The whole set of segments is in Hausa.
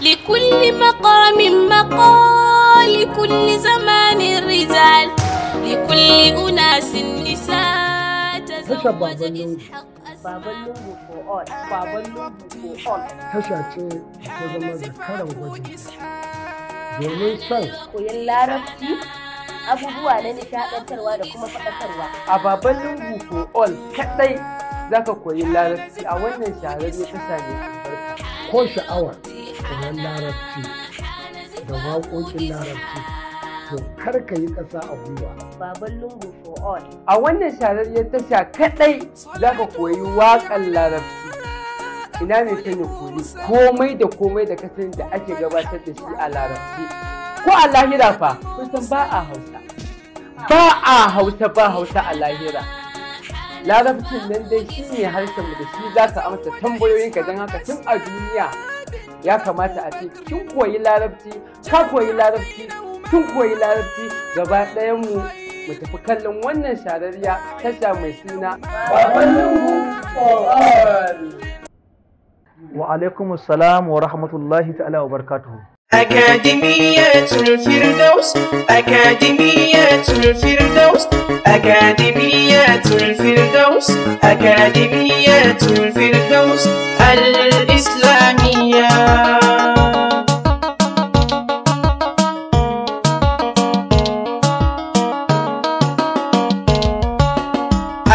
لكل مقام مقال لكل زمان الرجال لكل أناس نساء تزوج إسحاق Baban Lungu for all, Baban Lungu for all. ta zama Domin son. Koyon larabci abubuwa na nishaɗantarwa da kuma faɗakarwa. A Baban Lungu for all kaɗai za ka koyi larabci a wannan shahararren tasha ne. Ko sha'awar littattafan larabci da waƙoƙin larabci to kar ka yi ƙasa a gwiwa. Baban lungu for all. A wannan sharar ya tasha kaɗai za ka koyi waƙar larabci. Ina ne ta koyi komai da komai da kasan da ake gabatar da shi a larabci. Ko a lahira fa kusan ba a hausa. Ba a hausa ba hausa a lahira. Larabcin nan dai shi ne harshen da shi za ka amsa tambayoyinka don haka tun a duniya ya kamata a ce kin koyi larabci ka koyi larabci kin koyi larabci gaba ɗayan mu mu tafi kallon wannan shararriya tasha mai suna wa alaikum assalam wa rahmatullahi ta'ala wa barakatuhu أكاديمية الفردوس أكاديمية الفردوس أكاديمية الفردوس أكاديمية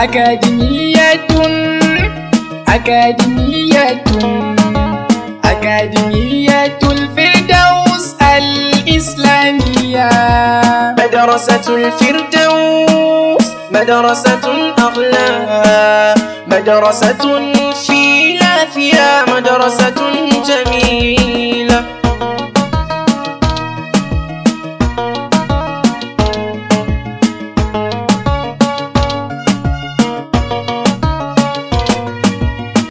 أكاديمية أكاديمية أكاديمية الفردوس الإسلامية مدرسة الفردوس مدرسة أغلى مدرسة في لافية مدرسة جميلة